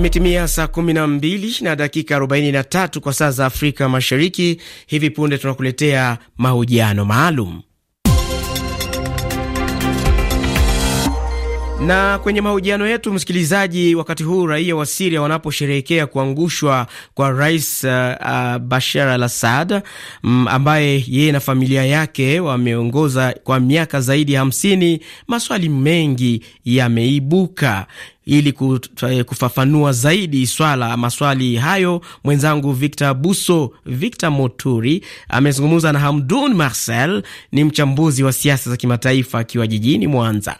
Imetimia saa 12 na dakika 43 kwa saa za Afrika Mashariki. Hivi punde tunakuletea mahojiano maalum. Na kwenye mahojiano yetu msikilizaji, wakati huu raia wa Siria wanaposherehekea kuangushwa kwa rais uh, uh, Bashar al Assad mm, ambaye yeye na familia yake wameongoza kwa miaka zaidi ya hamsini, maswali mengi yameibuka. Ili eh, kufafanua zaidi swala maswali hayo, mwenzangu Victor Buso Victor Moturi amezungumza na Hamdun Marcel, ni mchambuzi wa siasa za kimataifa akiwa jijini Mwanza.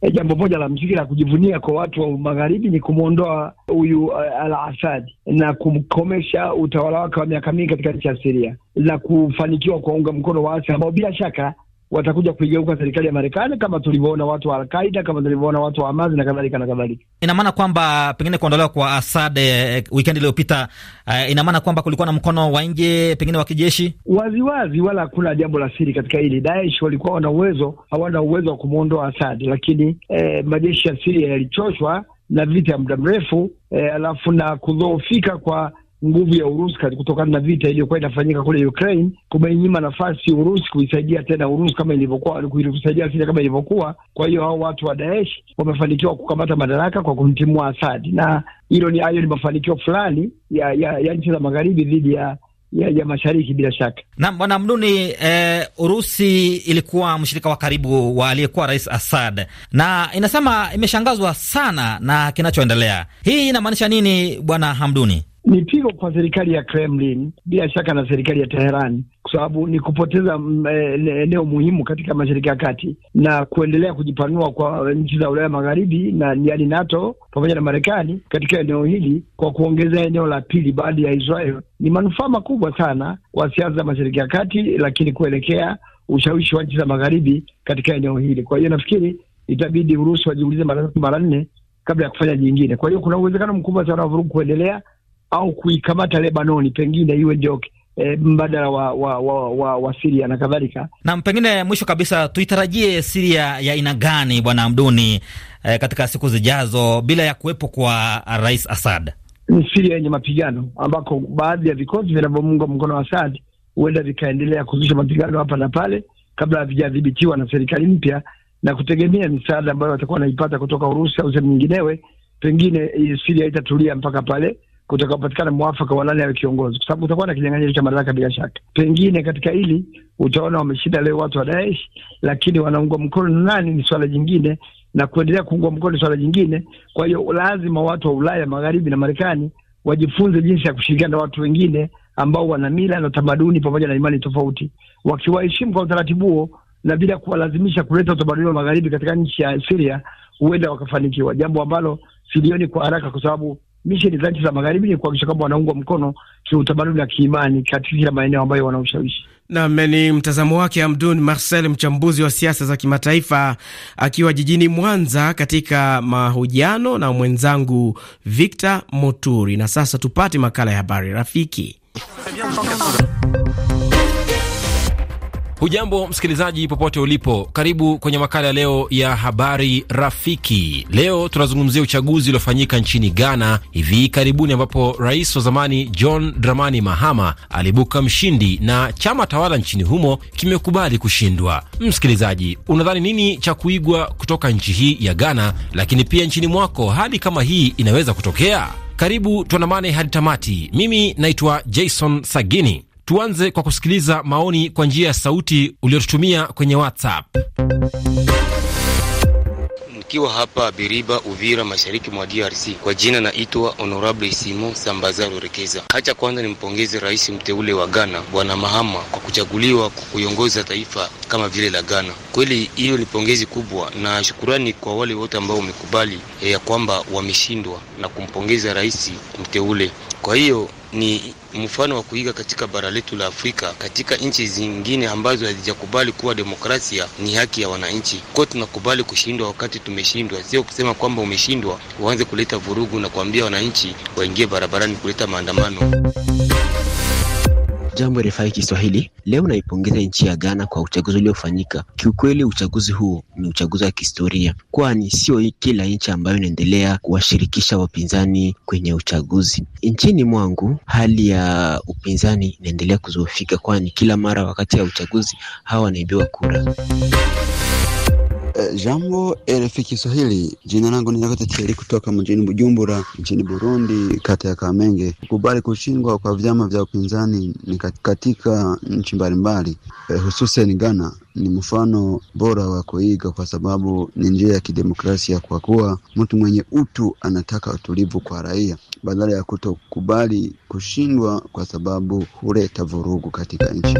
E, jambo moja la mziki la kujivunia kwa watu wa magharibi ni kumwondoa huyu uh, eh, Al Asad na kumkomesha utawala wake wa miaka mingi katika nchi ya Siria na kufanikiwa kuwaunga mkono waasi ambao bila shaka watakuja kuigeuka serikali ya Marekani kama tulivyoona watu wa Alqaida, kama tulivyoona watu wa amazi na kadhalika na kadhalika. Ina maana kwamba pengine kuondolewa kwa Asad eh, wikendi iliyopita eh, ina maana kwamba kulikuwa na mkono wa nje pengine wa kijeshi waziwazi, wala hakuna jambo la siri katika hili. Daesh walikuwa wana uwezo, hawana uwezo wa kumwondoa Asad, lakini eh, majeshi ya Siria yalichoshwa na vita ya muda mrefu eh, alafu na kudhoofika kwa nguvu ya Urusi kutokana na vita iliyokuwa inafanyika kule Ukraine, kumeinyima nafasi Urusi kuisaidia tena Urusi kama ilivyokuwa kuisaidia Siria kama ilivyokuwa. Kwa hiyo hao watu wa Daesh wamefanikiwa kukamata madaraka kwa kumtimua Asadi, na hilo ni hayo ni mafanikio fulani ya, ya, ya nchi za magharibi dhidi ya ya, ya mashariki bila shaka. Naam, bwana Mnuni, eh, Urusi ilikuwa mshirika wa karibu wa aliyekuwa Rais Assad na inasema imeshangazwa sana na kinachoendelea. Hii inamaanisha nini bwana Hamduni? Ni pigo kwa serikali ya Kremlin bila shaka na serikali ya teheran kwa sababu ni kupoteza mm, eh, eneo muhimu katika Mashariki ya Kati na kuendelea kujipanua kwa nchi za Ulaya Magharibi na yaani NATO pamoja na Marekani katika eneo hili kwa kuongeza eneo la pili baada ya Israel, ni manufaa makubwa sana kwa siasa za Mashariki ya Kati, lakini kuelekea ushawishi wa nchi za Magharibi katika eneo hili. Kwa hiyo nafikiri itabidi Urusi wajiulize mara tatu mara nne kabla ya kufanya jingine. Kwa hiyo kuna uwezekano mkubwa sana wa vurugu kuendelea au kuikamata Lebanoni, pengine iwe ndio e, mbadala wa, wa, wa, wa, wa Siria na kadhalika. Na pengine mwisho kabisa, tuitarajie Siria ya aina gani, Bwana Amduni, e, katika siku zijazo bila ya kuwepo kwa Rais Asad? Ni Siria yenye mapigano ambako baadhi ya vikosi vinavyomunga mkono Asad huenda vikaendelea kuzusha mapigano hapa na pale kabla havijadhibitiwa na serikali mpya na kutegemea misaada ambayo watakuwa wanaipata kutoka Urusi au sehemu nyinginewe, pengine e, Siria itatulia mpaka pale kutakapatikana mwafaka wa nani awe kiongozi, kwa sababu utakuwa na kinyang'anyiro cha madaraka bila shaka. Pengine katika hili utaona wameshinda leo watu wa Daesh, lakini wanaungwa mkono nani ni swala jingine, na kuendelea kuungwa mkono ni swala jingine. Kwa hiyo lazima watu wa Ulaya Magharibi na Marekani wajifunze jinsi ya kushirikiana na watu wengine ambao wana mila na tamaduni pamoja na imani tofauti, wakiwaheshimu kwa utaratibu huo na bila kuwalazimisha kuleta utamaduni wa magharibi katika nchi ya Syria, huenda wakafanikiwa, jambo ambalo silioni kwa haraka, kwa sababu misheni za za magharibi ni kuhakikisha kwamba wanaungwa mkono kiutamaduni na kiimani katika kila maeneo ambayo wana ushawishi. Nam ni mtazamo wake amdun Marcel, mchambuzi wa siasa za kimataifa, akiwa jijini Mwanza katika mahojiano na mwenzangu Victor Moturi. Na sasa tupate makala ya habari rafiki Hujambo msikilizaji, popote ulipo, karibu kwenye makala ya leo ya habari rafiki. Leo tunazungumzia uchaguzi uliofanyika nchini Ghana hivi karibuni, ambapo rais wa zamani John Dramani Mahama alibuka mshindi na chama tawala nchini humo kimekubali kushindwa. Msikilizaji, unadhani nini cha kuigwa kutoka nchi hii ya Ghana? Lakini pia nchini mwako hali kama hii inaweza kutokea? Karibu tuandamane hadi tamati. Mimi naitwa Jason Sagini. Tuanze kwa kusikiliza maoni kwa njia ya sauti uliotutumia kwenye WhatsApp. Nikiwa hapa Biriba, Uvira, mashariki mwa DRC. Kwa jina naitwa Honorable Simon Sambazaru Rekeza. Hacha kwanza nimpongeze rais mteule wa Ghana Bwana Mahama kwa kuchaguliwa kwa kuiongoza taifa kama vile la Ghana. Kweli hiyo ni pongezi kubwa na shukurani kwa wale wote ambao wamekubali eh, ya kwamba wameshindwa na kumpongeza rais mteule. Kwa hiyo ni mfano wa kuiga katika bara letu la Afrika. Katika nchi zingine ambazo hazijakubali kuwa demokrasia ni haki ya wananchi, kwa tunakubali kushindwa wakati tumeshindwa, sio kusema kwamba umeshindwa uanze kuleta vurugu na kuambia wananchi waingie barabarani kuleta maandamano. Jambo RFI Kiswahili, leo naipongeza nchi ya Ghana kwa uchaguzi uliofanyika. Kiukweli uchaguzi huo ni uchaguzi wa kihistoria, kwani sio kila nchi ambayo inaendelea kuwashirikisha wapinzani kwenye uchaguzi. Nchini mwangu hali ya upinzani inaendelea kuzoofika, kwani kila mara wakati ya uchaguzi hawa wanaibiwa kura. Eh, jambo RFI Kiswahili, jina langu ni Nyakati kutoka mjini Bujumbura nchini Burundi, kata ya Kamenge. Kukubali kushindwa kwa vyama vya upinzani ni katika nchi mbalimbali, uh, eh, hususan Ghana ni mfano bora wa kuiga kwa sababu ni njia ya kidemokrasia, kwa kuwa mtu mwenye utu anataka utulivu kwa raia badala ya kutokubali kushindwa, kwa sababu huleta vurugu katika nchi.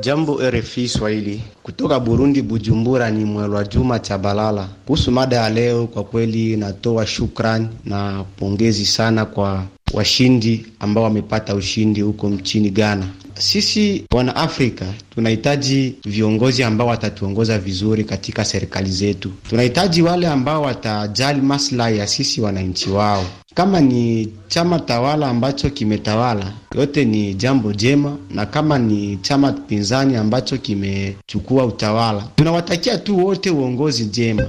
Jambo RFI Swahili kutoka Burundi, Bujumbura, ni Mwelwa Juma Chabalala. Kuhusu mada ya leo, kwa kweli natoa shukrani na pongezi sana kwa washindi ambao wamepata ushindi huko mchini Ghana. Sisi wana Afrika tunahitaji viongozi ambao watatuongoza vizuri katika serikali zetu. Tunahitaji wale ambao watajali maslahi ya sisi wananchi wao. Kama ni chama tawala ambacho kimetawala yote ni jambo jema, na kama ni chama pinzani ambacho kimechukua utawala, tunawatakia tu wote uongozi jema.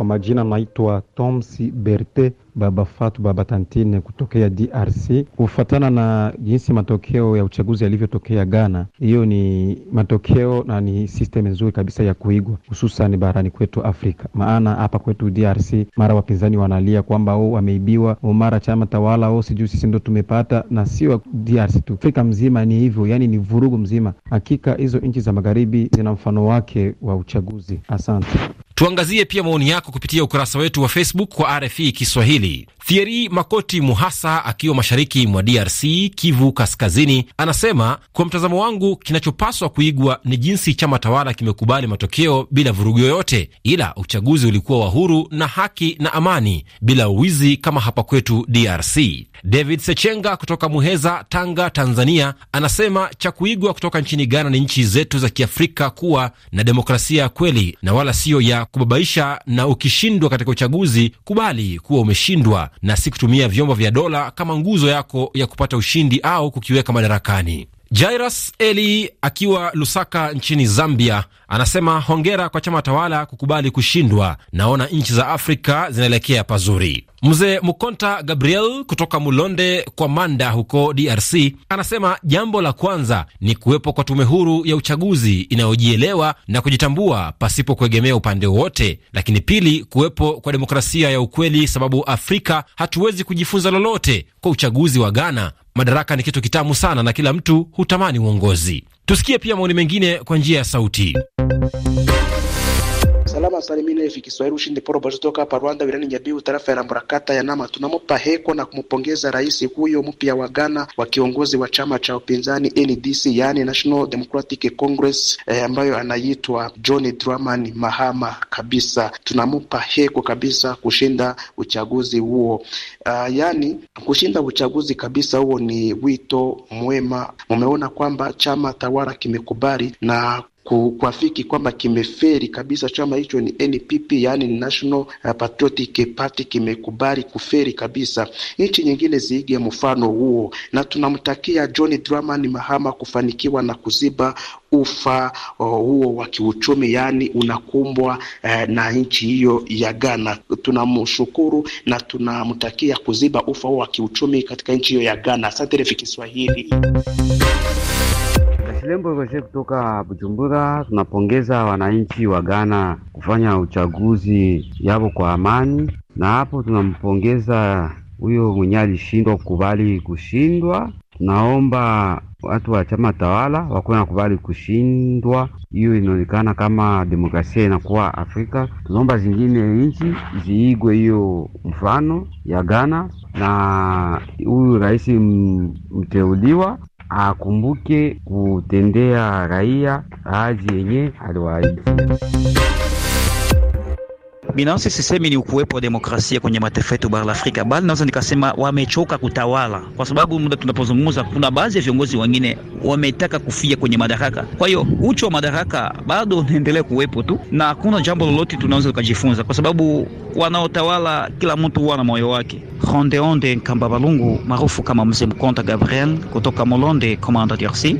Kwa majina naitwa Tomsi Berte Baba Fatu Baba Tantine kutokea DRC. Kufuatana na jinsi matokeo ya uchaguzi yalivyotokea Ghana, hiyo ni matokeo na ni system nzuri kabisa ya kuigwa, hususan barani kwetu Afrika. Maana hapa kwetu DRC mara wapinzani wanalia kwamba o oh, wameibiwa, o oh, mara chama tawala, o oh, sijui sisi ndo tumepata, na sio DRC tu, Afrika mzima ni hivyo, yani ni vurugu mzima. Hakika hizo nchi za magharibi zina mfano wake wa uchaguzi. Asante. Tuangazie pia maoni yako kupitia ukurasa wetu wa Facebook kwa RFI Kiswahili. Thieri Makoti Muhasa akiwa mashariki mwa DRC, Kivu Kaskazini, anasema kwa mtazamo wangu, kinachopaswa kuigwa ni jinsi chama tawala kimekubali matokeo bila vurugu yoyote, ila uchaguzi ulikuwa wa huru na haki na amani, bila uwizi kama hapa kwetu DRC. David Sechenga kutoka Muheza, Tanga, Tanzania, anasema cha kuigwa kutoka nchini Ghana ni nchi zetu za Kiafrika kuwa na demokrasia kweli na wala siyo ya kubabaisha, na ukishindwa katika uchaguzi kubali kuwa umeshindwa na si kutumia vyombo vya dola kama nguzo yako ya kupata ushindi au kukiweka madarakani. Jairus Eli akiwa Lusaka nchini Zambia anasema hongera kwa chama tawala kukubali kushindwa, naona nchi za Afrika zinaelekea pazuri. Mzee Mukonta Gabriel kutoka Mulonde kwa Manda huko DRC anasema jambo la kwanza ni kuwepo kwa tume huru ya uchaguzi inayojielewa na kujitambua pasipo kuegemea upande wowote, lakini pili, kuwepo kwa demokrasia ya ukweli, sababu Afrika hatuwezi kujifunza lolote kwa uchaguzi wa Ghana. Madaraka ni kitu kitamu sana na kila mtu hutamani uongozi. Tusikie pia maoni mengine kwa njia ya sauti. Salama salimini hivi Kiswahili ushindi poro bazo toka hapa Rwanda wilani Nyabihu tarafa ya Ramburakata ya Nama. Tunamupa heko na kumpongeza rais huyo mpya wa Ghana wa kiongozi wa chama cha upinzani NDC, yani National Democratic Congress eh, ambayo anaitwa John Dramani Mahama kabisa. Tunamupa heko kabisa kushinda uchaguzi huo. Uh, ah, yani kushinda uchaguzi kabisa huo ni wito mwema. Mumeona kwamba chama tawala kimekubali na kuafiki kwamba kimeferi kabisa. Chama hicho ni NPP, yani National uh, Patriotic Party, kimekubali kuferi kabisa. Nchi nyingine ziige mfano huo, na tunamtakia John Dramani Mahama kufanikiwa na kuziba ufa uh, huo wa kiuchumi, yani unakumbwa eh, na nchi hiyo ya Ghana. Tunamshukuru na tunamtakia kuziba ufa huo wa kiuchumi katika nchi hiyo ya Ghana. Asante rafiki Kiswahili. Lembo Roger kutoka Bujumbura. Tunapongeza wananchi wa Ghana kufanya uchaguzi yao kwa amani, na hapo tunampongeza huyo mwenye alishindwa kukubali kushindwa. Tunaomba watu wa chama tawala na kubali kushindwa, hiyo inaonekana kama demokrasia inakuwa Afrika. Tunaomba zingine nchi ziigwe hiyo mfano ya Ghana, na huyu rais mteuliwa akumbuke kutendea raia ahadi yenye aliwaahidi. Binafsi sisemi ni ukuwepo wa demokrasia kwenye mataifa yetu bara la Afrika, bali naweza nikasema wamechoka kutawala, kwa sababu muda tunapozungumza, kuna baadhi ya viongozi wengine wametaka kufia kwenye madaraka. Kwa hiyo ucho wa madaraka bado unaendelea kuwepo tu, na hakuna jambo lolote tunaweza tukajifunza, kwa sababu wanaotawala kila mtu huwa na moyo wake. Rondeonde Kambabalungu maarufu kama Mzee Mkonta Gabriel kutoka Molonde, Komanda DRC.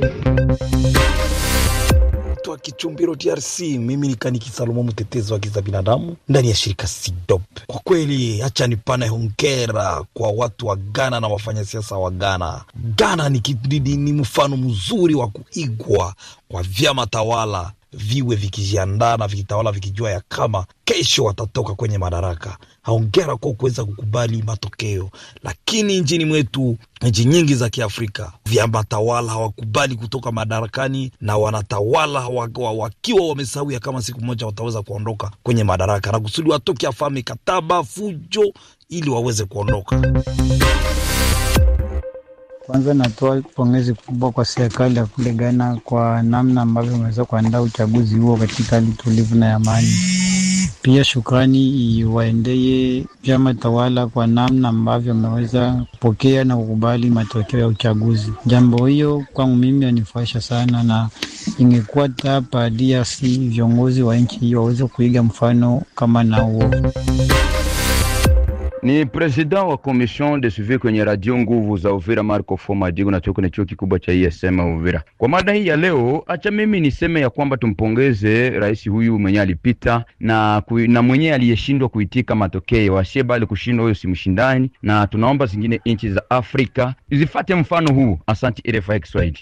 Kichumbiro, DRC. Mimi ni Kaniki Salomo, mtetezi wa haki za binadamu ndani ya shirika SIDOP. Kwa kweli, acha nipane hongera kwa watu wa Ghana na wafanyasiasa wa Ghana. Ghana ni, ni, ni mfano mzuri wa kuigwa kwa vyama tawala viwe vikijiandaa na vikitawala vikijua ya kama kesho watatoka kwenye madaraka. Haongera kwa kuweza kukubali matokeo, lakini nchini mwetu, nchi nyingi za Kiafrika, vyama tawala hawakubali kutoka madarakani na wanatawala wakiwa wamesawia kama siku moja wataweza kuondoka kwenye madaraka, na kusudi watoke afame kataba fujo ili waweze kuondoka. Kwanza natoa pongezi kubwa kwa serikali ya kule Ghana kwa namna ambavyo imeweza kuandaa uchaguzi huo katika hali tulivu na ya amani. Pia shukrani iwaendee vyama tawala kwa namna ambavyo ameweza kupokea na kukubali matokeo ya uchaguzi. Jambo hiyo kwangu mimi yanifurahisha sana, na ingekuwa tapa DRC viongozi wa nchi hiyo waweze kuiga mfano kama na huo. Ni president wa commission de suivi kwenye radio nguvu za Uvira, Marco Foma Digo, natoka kwenye chuo kikubwa cha ISM e Uvira. Kwa mada hii ya leo, acha mimi niseme ya kwamba tumpongeze rais huyu mwenye alipita na, kui, na mwenye aliyeshindwa kuitika matokeo asiebali kushindwa, huyo si mshindani, na tunaomba zingine nchi za Afrika zifate mfano huu. Asanti RFI Kiswahili.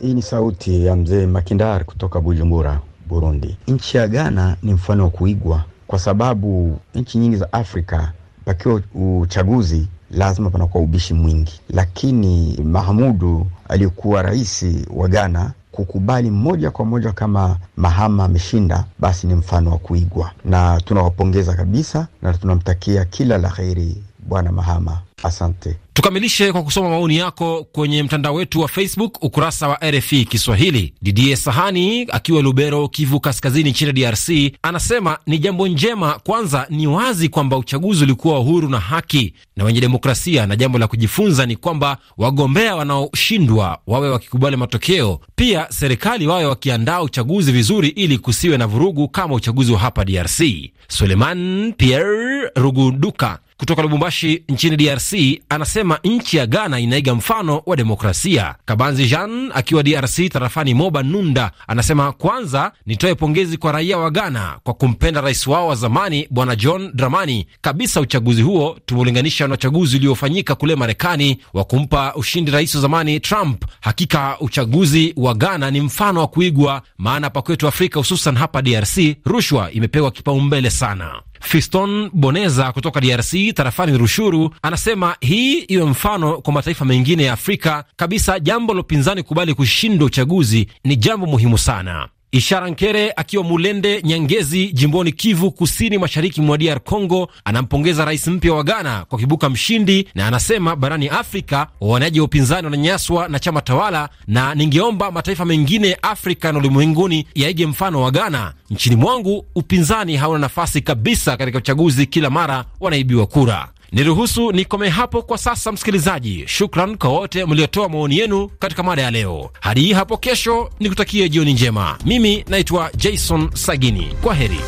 Hii ni sauti ya mzee Makindar kutoka Bujumbura, Burundi. Nchi ya Ghana ni mfano wa kuigwa kwa sababu nchi nyingi za Afrika pakiwa uchaguzi lazima panakuwa ubishi mwingi, lakini Mahamudu aliyekuwa rais wa Ghana kukubali moja kwa moja kama Mahama ameshinda, basi ni mfano wa kuigwa, na tunawapongeza kabisa na tunamtakia kila la heri Bwana Mahama. Asante. Tukamilishe kwa kusoma maoni yako kwenye mtandao wetu wa Facebook, ukurasa wa RFI Kiswahili. Didie Sahani akiwa Lubero, Kivu Kaskazini nchini DRC anasema ni jambo njema. Kwanza ni wazi kwamba uchaguzi ulikuwa uhuru na haki na wenye demokrasia, na jambo la kujifunza ni kwamba wagombea wanaoshindwa wawe wakikubali matokeo, pia serikali wawe wakiandaa uchaguzi vizuri, ili kusiwe na vurugu kama uchaguzi wa hapa DRC. Suleiman Pierre Ruguduka kutoka Lubumbashi nchini DRC anasema nchi ya Ghana inaiga mfano wa demokrasia. Kabanzi Jean akiwa DRC tarafani Moba Nunda anasema kwanza nitoe pongezi kwa raia wa Ghana kwa kumpenda rais wao wa zamani Bwana John Dramani kabisa. Uchaguzi huo tumeulinganisha na uchaguzi uliofanyika kule Marekani wa kumpa ushindi rais wa zamani Trump. Hakika uchaguzi wa Ghana ni mfano wa kuigwa, maana pakwetu Afrika hususan hapa DRC rushwa imepewa kipaumbele sana. Fiston Boneza kutoka DRC tarafani Rushuru anasema hii iwe mfano kwa mataifa mengine ya Afrika kabisa. Jambo la upinzani kubali kushindwa uchaguzi ni jambo muhimu sana. Ishara Nkere akiwa Mulende Nyangezi, jimboni Kivu Kusini, mashariki mwa DR Congo, anampongeza rais mpya wa Ghana kwa kibuka mshindi, na anasema barani Afrika wawaniaji wa upinzani wananyanyaswa na chama tawala, na ningeomba mataifa mengine Afrika na ulimwenguni yaige mfano wa Ghana. Nchini mwangu upinzani hauna nafasi kabisa katika uchaguzi, kila mara wanaibiwa kura. Niruhusu nikome hapo kwa sasa, msikilizaji. Shukran kwa wote mliotoa maoni yenu katika mada ya leo. Hadi hapo kesho, nikutakie jioni njema. Mimi naitwa Jason Sagini, kwa heri.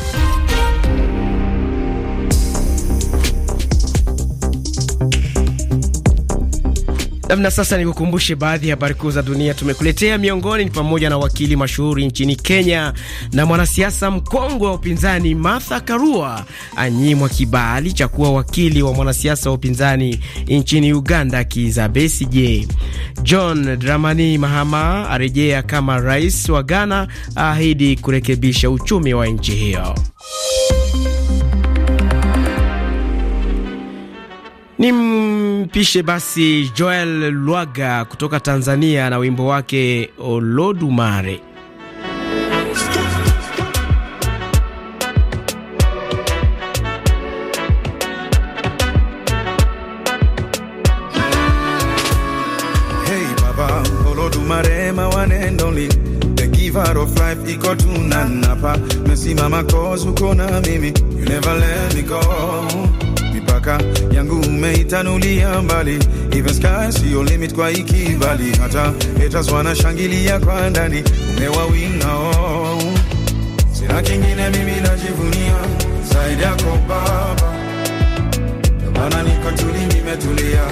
Namna sasa, nikukumbushe baadhi ya habari kuu za dunia tumekuletea. Miongoni ni pamoja na wakili mashuhuri nchini Kenya na mwanasiasa mkongwe wa upinzani Martha Karua anyimwa kibali cha kuwa wakili wa mwanasiasa wa upinzani nchini Uganda Kizza Besigye. John Dramani Mahama arejea kama rais wa Ghana, aahidi kurekebisha uchumi wa nchi hiyo. Nimpishe basi Joel Lwaga kutoka Tanzania na wimbo wake Olodumare. of life iko mesimama na mimi you never let me go mipaka yangu umeitanulia mbali, even sky sio limit kwa ikibali, hata haters wanashangilia kwa ndani, umewawinga oh. Sina kingine mimi najivunia zaidi yako Baba, maana niko tuli, nimetulia,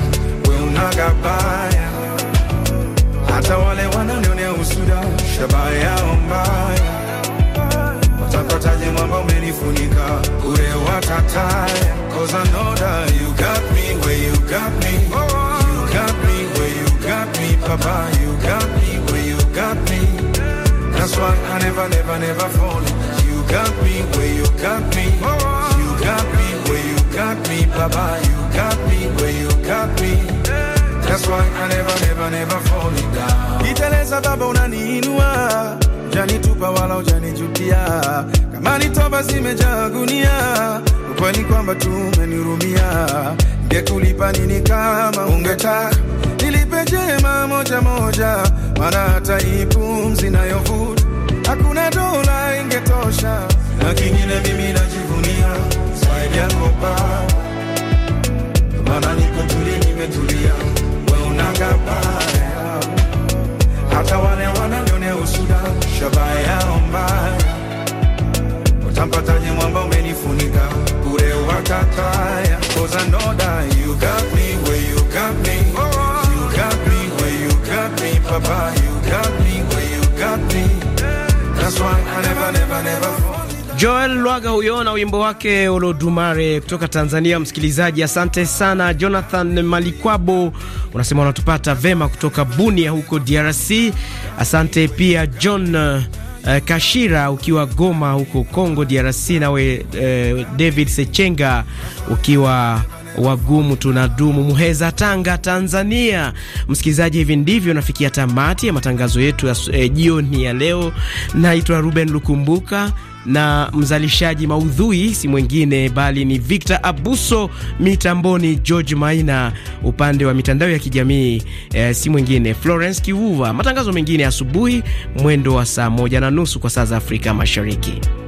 we unaga baya, hata wale wanaonionea usuda shabaya yao mbaya umenifunika urewa tataya Cause I know that you got me where you got me You got me where you got me Papa you got me where you got me That's why I never never never fall You got me where you got me You got me where you got me Papa you got me where you got me That's why I never never never fall down Niteleza baba unaniinua Jani umenipa wala hujanijutia, kama ni toba zimejaa gunia, ukweli kwamba tu umenirumia. nini kama ungetaka nilipe jema moja moja, maana hata ipumzi pumzi nayovuta hakuna dola ingetosha, na kingine mimi najivunia zaidi yako baba, maana niko tuli nimetulia, wewe unangapa atawale wananyone usuda shabaha yao utampataje mwamba umenifunika bure wakataya cause I you got me where you got me you got me where you got me papa you got me where you got me that's why I never never never fall Joel Lwaga huyo na wimbo wake Olodumare kutoka Tanzania. Msikilizaji, asante sana. Jonathan Malikwabo unasema unatupata vema kutoka Bunia huko DRC. Asante pia John uh, Kashira ukiwa Goma huko Congo DRC, nawe uh, David Sechenga ukiwa wagumu tunadumu, Muheza, Tanga, Tanzania. Msikilizaji, hivi ndivyo nafikia tamati ya matangazo yetu ya eh, jioni ya leo. Naitwa Ruben Lukumbuka na mzalishaji maudhui si mwingine bali ni Victor Abuso, mitamboni George Maina, upande wa mitandao ya kijamii eh, si mwingine Florence Kivuva. Matangazo mengine asubuhi mwendo wa saa moja na nusu kwa saa za Afrika Mashariki.